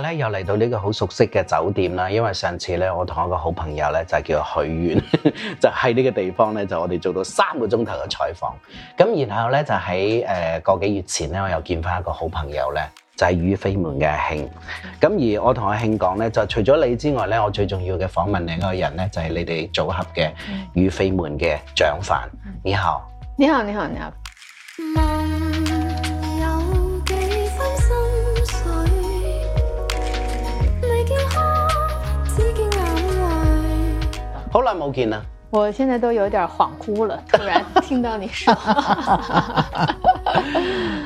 咧又嚟到呢個好熟悉嘅酒店啦，因為上次咧我同一個好朋友咧就係叫許願，就喺呢個地方咧就我哋做到三個鐘頭嘅採訪，咁然後咧就喺誒個幾月前咧我又見翻一個好朋友咧就係與非門嘅慶，咁而我同阿慶講咧就除咗你之外咧我最重要嘅訪問另外一個人咧就係你哋組合嘅與非門嘅蔣凡，你好，你好，你好，你好。好耐冇見啦！我現在都有點恍惚了，突然聽到你說話。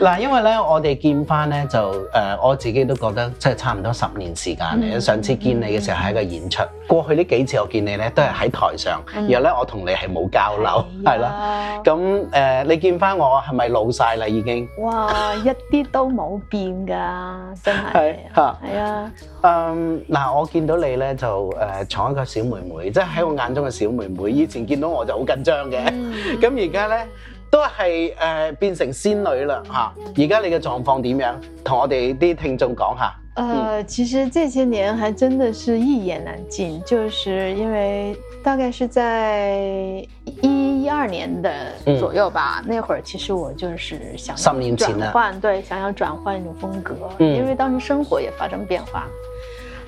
嗱，因為咧，我哋見翻咧就誒，我自己都覺得即係差唔多十年時間嚟、嗯。上次見你嘅時候係一個演出，嗯、過去呢幾次我見你咧都係喺台上，然、嗯、後咧我同你係冇交流，係、啊、啦。咁誒、呃，你見翻我係咪老晒啦？已經哇，一啲都冇變噶， 真係係啊！嗯，嗱，我見到你咧就誒，藏、呃、一個小妹妹，即係喺我眼中嘅小妹妹。以前見到我就好緊張嘅，咁而家咧都係誒、呃、變成仙女啦吓。而、啊、家你嘅狀況點樣？同我哋啲聽眾講下。誒、呃，其實這些年還真的是一言難盡，就是因為大概是在一一二年的左右吧、嗯。那會兒其實我就是想，想要轉換，對，想要轉換一種風格、嗯，因為當時生活也發生變化。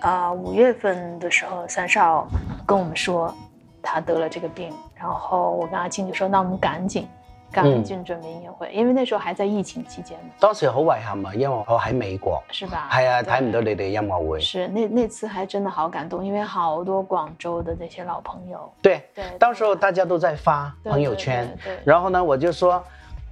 啊、呃，五月份的時候，三少跟我們說他得了這個病，然後我跟阿慶就說，那我們趕緊趕緊準備音、嗯、樂會，因為那時候還在疫情期間嘛。當時好遺憾嘛，因為我喺美國，是吧？係啊，睇唔到你哋音樂會。是那那次還真的好感動，因為好多廣州的那些老朋友，對對，當時候大家都在發對朋友圈對對對對，然後呢，我就說。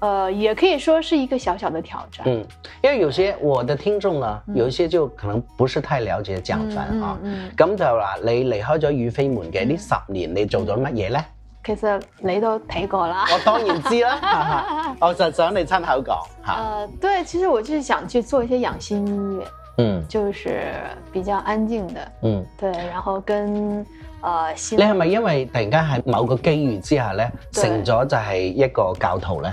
呃，也可以說是一個小小的挑戰。嗯，因為有些我的聽眾呢，嗯、有一些就可能不是太了解蔣凡、嗯、啊。咁、嗯嗯、就話你離開咗與非門嘅呢十年，嗯、你做咗乜嘢呢？其實你都睇過啦，我當然知啦， 我就想你親口講。呃，對，其實我就是想去做一些養心音樂，嗯，就是比較安靜的，嗯，對，然後跟，呃，你係咪因為突然間喺某個機遇之下呢，嗯、成咗就係一個教徒呢？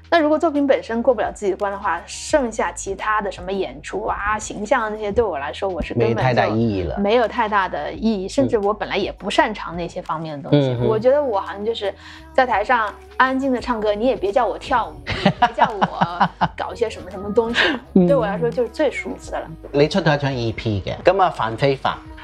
那如果作品本身過不了自己關的話，剩下其他的什麼演出啊、形象那些，對我來說我是根本沒有太大的意義了，沒有太大的意義，甚至我本來也不擅長那些方面的東西。嗯、我覺得我好像就是在台上安靜的唱歌，你也別叫我跳舞，別 叫我搞一些什麼什麼東西， 對我來說就是最舒服的了。你出咗一張 EP 嘅，咁啊，凡非凡。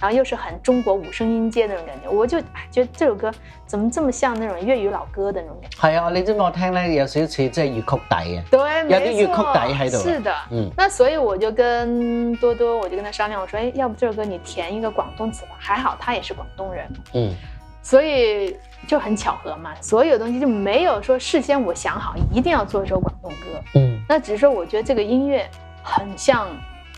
然後又是很中國五聲音階的那種感覺，我就覺得這首歌怎麼這麼像那種粵語老歌的那種感覺。係啊，你知唔知我聽呢？有時候似即粵曲底啊？對，有啲粵曲底喺度。是的，嗯。那所以我就跟多多，我就跟他商量，我說，哎，要不這首歌你填一個廣東詞吧？還好他也是廣東人，嗯。所以就很巧合嘛，所有東西就沒有說事先我想好一定要做一首廣東歌，嗯。那只是說我覺得這個音樂很像。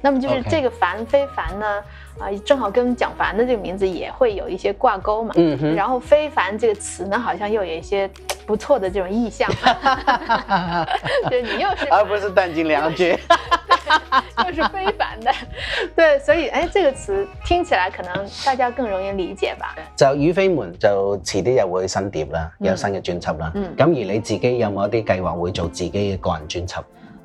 那麼就是這個“凡非凡”呢，啊、okay.，正好跟蔣凡的這個名字也會有一些掛鈎嘛。嗯、mm-hmm.，然後“非凡”這個詞呢，好像又有一些不錯的這種意象。哈哈哈！哈哈！哈對你又是而不 又是彈盡糧絕，哈哈！哈哈！哈又是非凡的， 對，所以哎，這個詞聽起來可能大家更容易理解吧。就與非門就遲啲又會新碟啦、嗯，有新嘅專輯啦。嗯，咁而你自己有冇一啲計劃會做自己嘅個人專輯？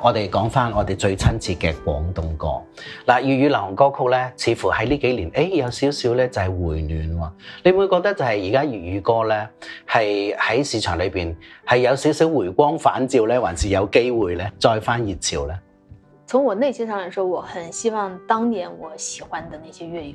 我哋講翻我哋最親切嘅廣東歌嗱，粵語流行歌曲呢，似乎喺呢幾年誒、哎、有少少呢，就係回暖，你會覺得就係而家粵語歌呢，係喺市場裏邊係有少少回光返照呢，還是有機會呢，再翻熱潮呢？從我內心上來說，我很希望當年我喜歡的那些粵語。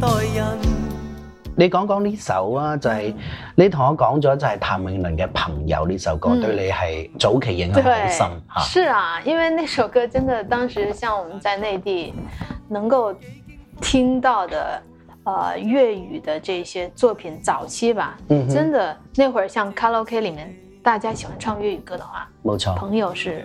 代人你講講呢首啊，就係、是嗯、你同我講咗就係譚詠麟嘅朋友呢首歌，嗯、對你係早期影響好深吓。是啊，因為那首歌真的當時，像我們在內地能夠聽到的，呃，粵語的這些作品早期吧，嗯、真的那會兒像卡拉 OK 裏面大家喜歡唱粵語歌的話，冇錯，朋友是。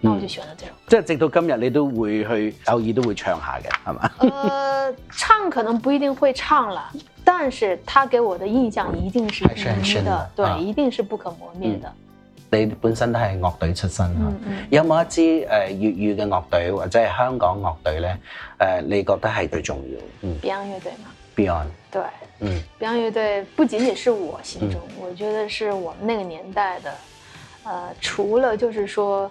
那我就選了這種，嗯、即係直到今日你都會去偶爾都會唱下嘅，係嘛？呃，唱可能不一定會唱啦，但是他給我的印象一定是深的，啊、對、啊，一定是不可磨滅的、嗯。你本身都係樂隊出身，嗯嗯、有冇一支誒粵語嘅樂隊或者係香港樂隊呢、呃？你覺得係最重要、嗯、？Beyond 樂隊嘛？Beyond，對，嗯，Beyond 樂隊不僅僅是我心中、嗯，我覺得是我們那個年代的，呃、除了就是說。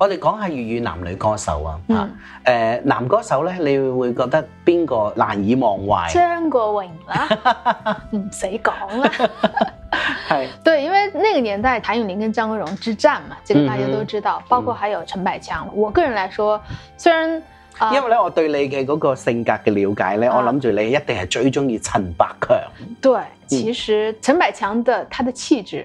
我哋講下粵語男女歌手啊，嗯、男歌手咧，你會覺得邊個難以忘懷？張國榮啦，唔使講啦，係 ，對，因為那個年代，譚詠麟跟張國榮之戰嘛，這個大家都知道，嗯、包括還有陳百強、嗯。我個人來說，雖然、呃、因為咧，我對你嘅嗰個性格嘅了解呢、啊，我諗住你一定係最鍾意陳百強。對，嗯、其實陳百強的他的氣質。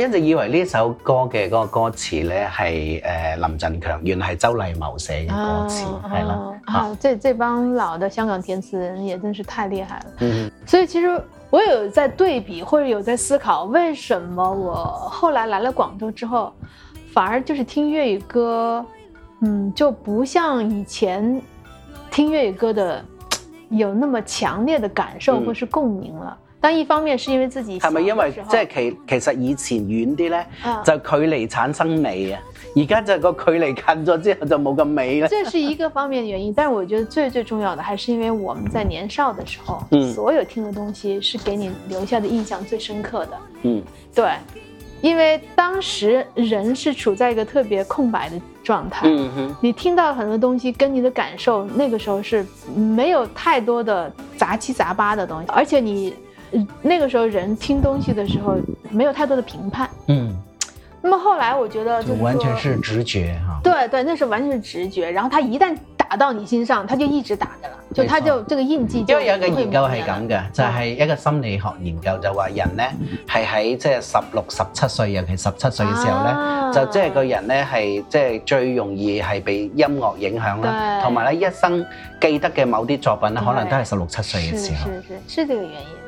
一直以為呢首歌嘅嗰個歌詞呢係林振強，原來係周禮茂寫嘅歌詞、啊，係咯嚇。即、啊啊、這幫老嘅香港填詞人也真是太厲害了、嗯。所以其實我有在對比，或者有在思考，為什麼我後來來咗廣州之後，反而就是聽粵語歌，嗯，就不像以前聽粵語歌的有那麼強烈的感受或是共鳴了。嗯。但一方面是因為自己，是不是因為即係其其實以前遠啲咧、啊，就距離產生美啊。而家就是個距離近咗之後，就冇咁美啦。這是一個方面的原因， 但我覺得最最重要的還是因為我們在年少的時候、嗯，所有聽的東西是給你留下的印象最深刻的，嗯，對，因為當時人是處在一個特別空白的狀態，嗯哼，你聽到很多東西跟你的感受，那個時候是沒有太多的雜七雜八的東西，而且你。那個時候人聽東西的時候沒有太多的評判，嗯，那麼後來我覺得就，就完全是直覺哈，對對，那是完全是直覺。然後他一旦打到你心上，他就一直打着了，就他就這個印記就因為有一個研究是這樣的就係、就是、一個心理學研究就說，就話人咧係喺即係十六、十七歲，尤其十七歲嘅時候咧、啊，就即係個人咧係即係最容易係被音樂影響啦，同埋咧一生記得嘅某啲作品咧，可能都係十六七歲嘅時候，是是是，是這個原因。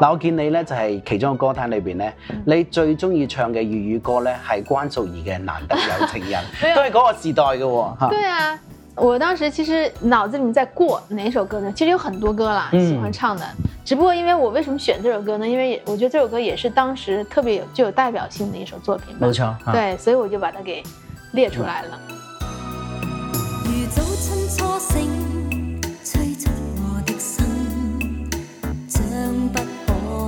嗱，我見你呢，就係、是、其中一個歌壇裏邊呢、嗯。你最中意唱嘅粵語，語歌呢，係關淑怡嘅《難得有情人》， 都係嗰個時代嘅喎、哦。對啊，我當時其實腦子裏面在過哪首歌呢？其實有很多歌啦，喜歡唱的、嗯。只不過因為我為什麼選這首歌呢？因為我覺得這首歌也是當時特別有最有代表性的一首作品。冇錯、啊，對，所以我就把它給列出來了。嗯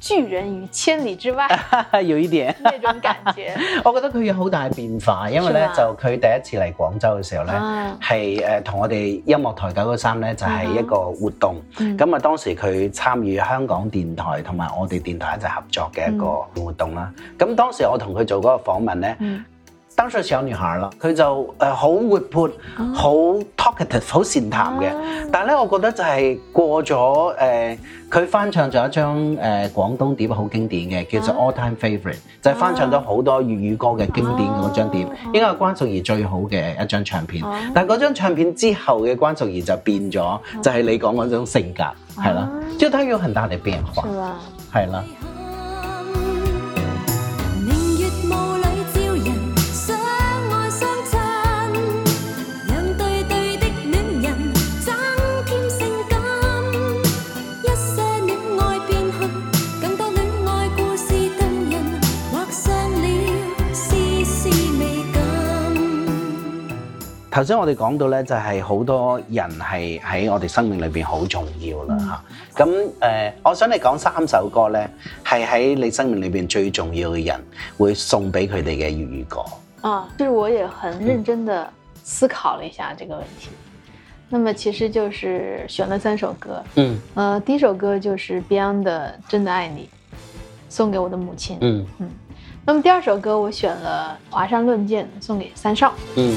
拒人於千里之外， 有一點這 種感覺。我覺得佢有好大嘅變化，因為咧就佢第一次嚟廣州嘅時候咧，係誒同我哋音樂台九九三咧就係、是、一個活動。咁、嗯、啊當時佢參與香港電台同埋我哋電台一齊合作嘅一個活動啦。咁、嗯、當時我同佢做嗰個訪問咧。嗯三歲小女孩啦，佢就誒好活潑，好、啊、talkative，好善談嘅、啊。但係咧，我覺得就係過咗誒，佢、呃、翻唱咗一張誒廣東碟，好經典嘅、啊，叫做 All Time Favorite、啊、就係、是、翻唱咗好多粵語歌嘅經典嗰張碟，應該係關淑怡最好嘅一張唱片。啊、但係嗰張唱片之後嘅關淑怡就變咗，就係你講嗰種性格，係、啊、啦，即係佢要很大嘅變化，係啦。頭先我哋講到咧，就係好多人係喺我哋生命裏邊好重要啦吓。咁誒，呃，我想你講三首歌咧，係喺你生命裏邊最重要嘅人會送俾佢哋嘅粵語歌。啊，就是我也很認真地思考了一下這個問題。嗯。那麼其實就是選了三首歌。嗯。呃，第一首歌就是 Beyond 的《真的愛你》，送給我的母親。嗯嗯。那麼第二首歌我選了《華山論劍》，送給三少。嗯。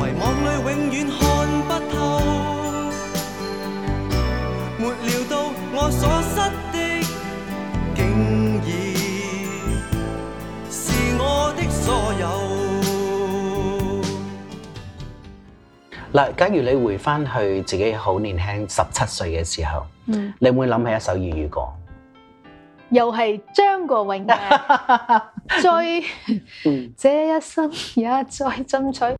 迷惘裏永遠看不透，沒料到我所失的竟已是我的所有。嗱，假如你回翻去自己好年輕十七歲嘅時候，你會唔會諗起一首粵語歌，又係張國榮嘅《追》，這一生也在爭取。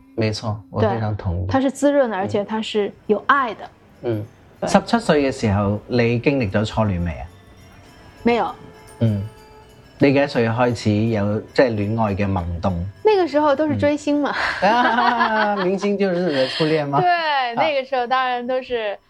沒錯，我非常同意。它是滋潤的，而且它是有愛的。嗯，十七歲嘅時候，你經歷咗初戀未啊？沒有。嗯，你幾歲開始有即係戀愛嘅萌動？那個時候都是追星嘛。嗯 啊、明星就是你初戀嗎？ 對，那個時候當然都是。啊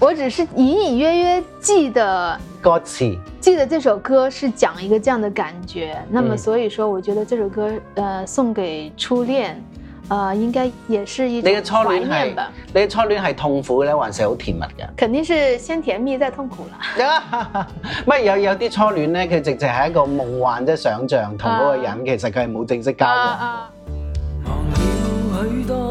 我只是隱隱約約記得，歌詞記得這首歌是講一個這樣的感覺。嗯、那麼所以說，我覺得這首歌呃送給初戀，呃應該也是一種懷念吧。你嘅初戀係痛苦呢，還是好甜蜜嘅？肯定是先甜蜜再痛苦啦。啊 ，乜有有啲初戀呢，佢直直係一個夢幻即想象，同嗰個人其實佢係冇正式交往。啊啊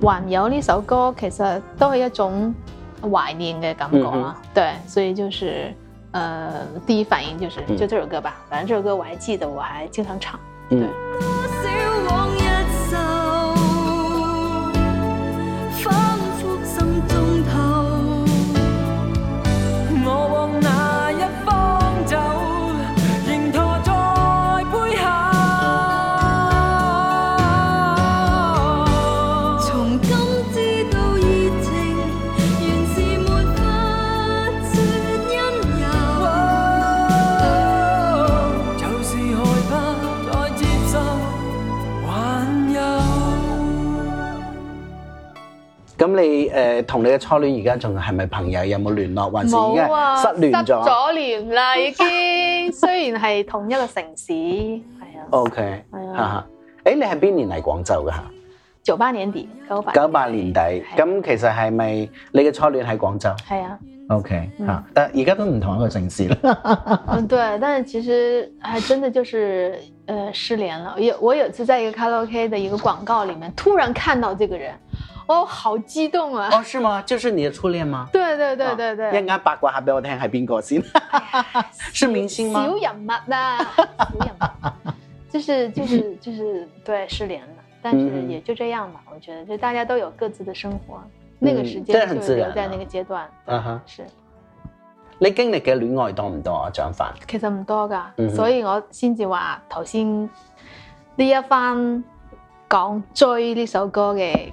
還有呢首歌，其實都係一種懷念嘅感覺啊、嗯嗯，對，所以就是，誒、呃，第一反應就是就這首歌吧、嗯，反正這首歌我還記得，我還經常唱，對。嗯你誒同、呃、你嘅初戀而家仲係咪朋友？有冇聯絡？還是而家失聯咗、啊？失咗聯啦，已經。 雖然係同一個城市，係 啊。OK，嚇嚇。誒，你係邊年嚟廣州㗎嚇？九八年底，九八九八年底。咁其實係咪你嘅初戀喺廣州？係啊。OK，嚇、嗯。但而家都唔同一個城市啦。嗯，對， 但係其實係真的就是誒失聯了。有我有次喺一個卡拉 OK 嘅一個廣告裡面，突然看到呢個人。哦、oh, 好激動啊！哦、oh，是嗎？就是你的初戀嗎？對對對、oh, 對，對對。一陣間八卦下俾我聽先，係邊個。是明星嗎？小人物、啊，小人物、 就是，就是就是就是，對失聯了，但是也就這樣吧、嗯。我覺得就大家都有各自的生活、嗯，那個時間就留在那個階段。嗯、啊哈，是。你經歷嘅戀愛多唔多啊？蔣凡？其實唔多噶、嗯，所以我先至話頭先呢一番講追呢首歌嘅。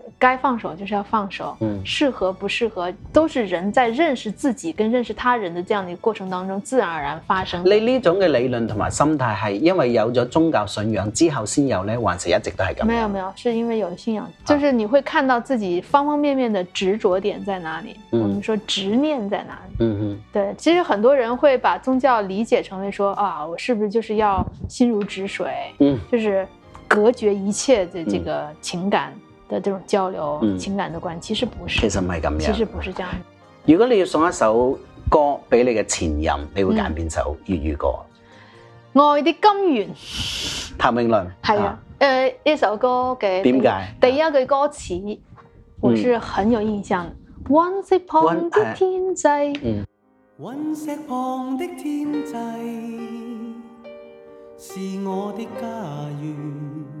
該放手就是要放手。嗯，適合不適合都是人在認識自己跟認識他人的這樣的過程當中自然而然發生。你呢種嘅理論同埋心態是因為有咗宗教信仰之後先有呢？還是一直都係咁？沒有沒有，是因為有信仰，就是你會看到自己方方面面的執着點在哪裏。嗯，我們說執念在哪裏。嗯嗯。對，其實很多人會把宗教理解成為說啊，我是不是就是要心如止水？嗯，就是隔絕一切的這個情感。嗯的這種交流情感的關係，其實不是，其實唔係咁樣，其實不是這樣。如果你要送一首歌俾你嘅前任，嗯、你會揀邊首粵語歌？愛的根源」譚詠麟，係啊。誒、啊，呢首歌嘅，點解第一句歌詞、嗯，我是很有印象。隕石旁的天際，隕石旁的天際、啊啊嗯、是我的家園。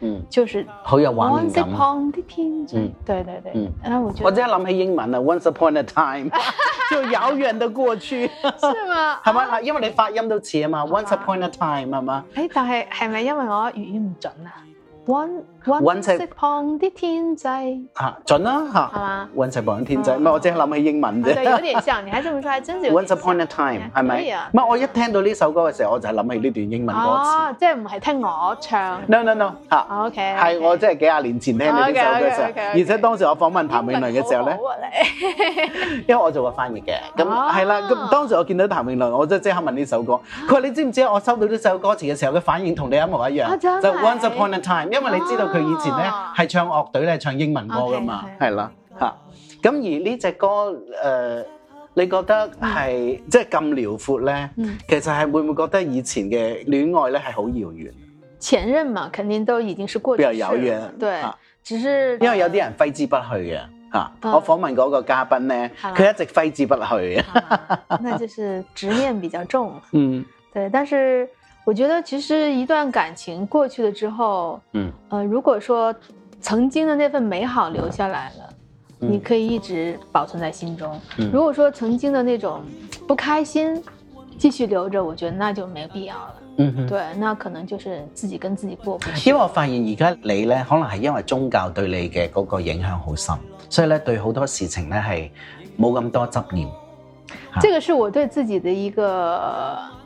嗯，就是好有幻想。嗯，對對對。我真係諗起英文啊，Once upon a time，就遙遠的過去。係嘛？係嘛？因為你發音都似啊嘛，Once upon a time，係嘛？誒，但係係咪因為我粵語唔準啊？One。Once upon the time，嚇準啦嚇、啊，係嘛，Once upon a time 唔係我即係諗起英文啫。對，有點像，你話咁樣，真係有。Once upon a time，係、嗯、咪？唔係、嗯 upon a 啊、我一聽到呢首歌嘅時候，我就係諗起呢段英文歌詞。哦、oh，即係唔係聽我唱？No no no，嚇、ah, okay, okay。OK。係我即係幾廿年前聽呢首歌嘅時候，okay, okay, okay, okay. 而且當時我訪問譚詠麟嘅時候咧，啊、 因為我做過翻譯嘅，咁係啦。咁當時我見到譚詠麟，我即係即刻問呢首歌。佢、oh. 話：你知唔知我收到呢首歌詞嘅時候嘅反應同你一模一樣、oh,？就 Once upon a time，因為你知道佢、oh。佢以前咧係唱樂隊咧、oh. 唱英文歌噶嘛，係啦嚇。咁、okay. 啊、而呢隻歌誒、呃，你覺得係、mm. 即係咁遼闊咧？Mm. 其實係會唔會覺得以前嘅戀愛咧係好遙遠？前任嘛，肯定都已經是過。比較遙遠，對，啊、只是因為有啲人揮之不去嘅嚇、啊啊。我訪問嗰個嘉賓咧，佢一直揮之不去嘅啊。那就是執念比較重。嗯，對，但是。我覺得其實一段感情過去了之後，嗯，呃，如果說曾經的那份美好留下來了，嗯，你可以一直保存在心中，嗯。如果說曾經的那種不開心繼續留着，我覺得那就沒必要了。嗯，對，那可能就是自己跟自己過不去。因為我發現而家你呢，可能係因為宗教對你嘅嗰個影響好深，所以呢，對好多事情呢係冇咁多執念。這個是我對自己的一個。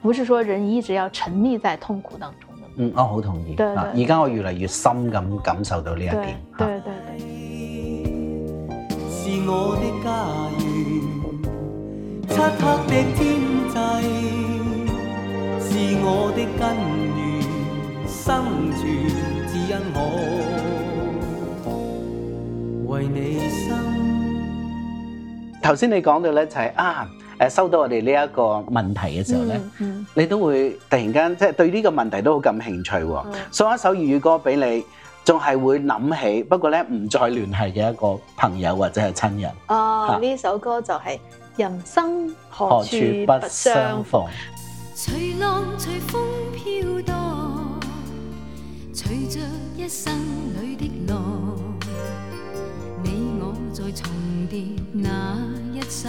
不是說人一直要沉溺在痛苦當中的？嗯，我好同意。對，而家我越嚟越深咁感受到呢一點。對對對，對，啊。是我的家園誒，收到我哋呢一個問題嘅時候咧，你都會突然間即係對呢個問題都好感興趣喎。送一首粵語歌俾你，仲係會諗起，不過咧，唔再聯繫嘅一個朋友或者係親人。啊，呢首歌就係人生何處不相逢。隨浪隨風飄蕩，隨著一生裏的浪，你我在重疊那一剎。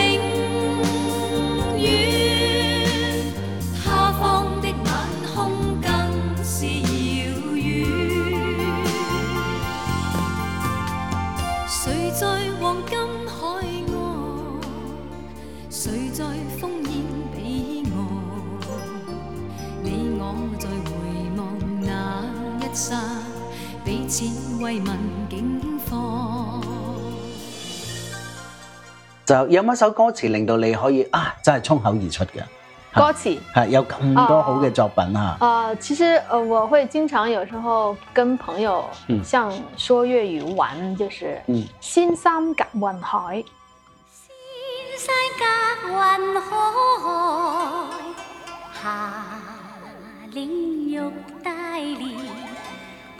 彼此民警放，就有一首歌詞令到你可以啊，真係衝口而出嘅歌詞？係有咁多好嘅作品啊、呃！呃，其實呃，我會經常有時候跟朋友想，嗯，像說粵語玩，就是嗯，仙山隔雲海，仙山隔雲海，霞嶺玉帶連。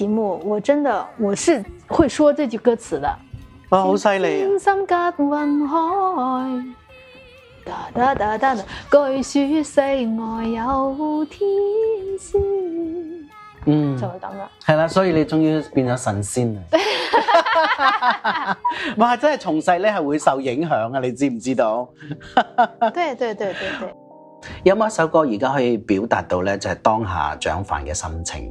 題目，我真的我是會說這句歌詞的，哇、哦，好犀利啊！仙山隔雲海，噠噠據說世外有天仙，嗯，就會咁啦，係 啦、嗯，所以你終於變咗神仙啦。唔 係， 真係從細咧係會受影響啊！你知唔知道？ 對對對對對，有冇一首歌而家可以表達到咧？就係、是、當下蔣凡嘅心情。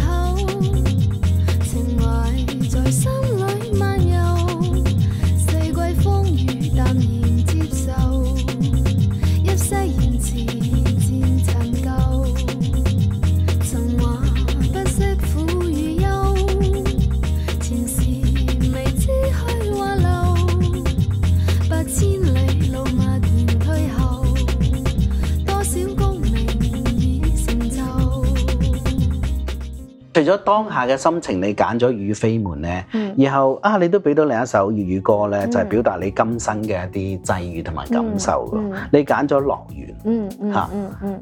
除咗當下嘅心情，你揀咗《與非門》咧、嗯，然後啊，你都俾到另一首粵語歌咧，就係、是、表達你今生嘅一啲際遇同埋感受咯、嗯嗯。你揀咗《樂園》嗯。嗯嗯。嚇嗯嗯。嗯嗯。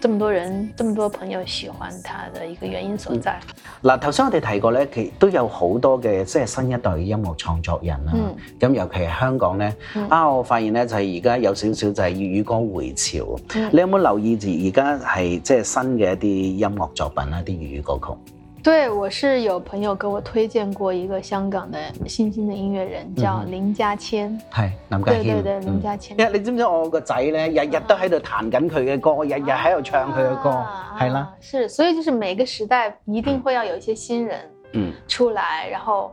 這麼多人，這麼多朋友喜歡他的一個原因所在。嗱、嗯，頭先我哋提過咧，其實都有好多嘅即係新一代嘅音樂創作人啦。咁、嗯、尤其係香港咧、嗯，啊我發現咧就係而家有少少就係粵語歌回潮。嗯、你有冇留意住而家係即係新嘅一啲音樂作品啦，啲粵語歌曲？對，我是有朋友給我推薦過一個香港的新興的音樂人叫、嗯，叫林家謙。林家對對對，林家謙。嗯、家謙，你知唔知道我個仔呢，日日都喺度彈緊佢嘅歌，日日喺度唱佢嘅歌，係、啊、啦。是，所以就是每個時代一定會要有一些新人，嗯，出來，然後。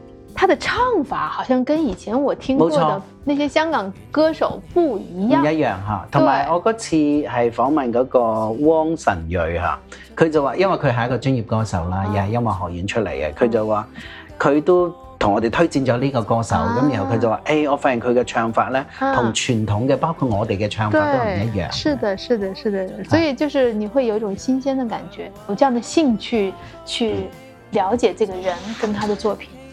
他的唱法好像跟以前我聽過的那些香港歌手不一樣。不一樣哈，同埋我嗰次係訪問嗰個汪晨瑞哈，佢就話，因為佢係一個專業歌手啦，又、啊、係音樂學院出嚟嘅，佢、嗯、就話，佢都同我哋推薦咗呢個歌手，咁、啊、然後佢就話，誒、哎，我發現佢嘅唱法咧，同傳統嘅、啊、包括我哋嘅唱法都唔一樣。是的，是的，是的。所以就是你會有一種新鮮的感覺，啊、有這樣的興趣去了解這個人跟他的作品。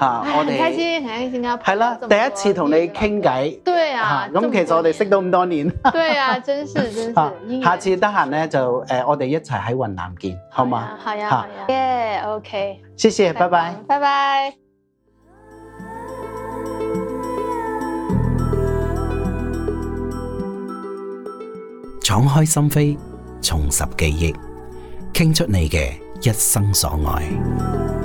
啊！我哋開心，很開心啊！係啦，第一次同你傾偈。對啊，咁其實我哋識到咁多年。對啊，真係真係。下次得閒咧就誒，我哋一齊喺雲南見，好嘛？好呀，好呀。耶，OK。謝謝，拜拜，拜拜。敞開心扉，重拾記憶，傾出你嘅一生所愛。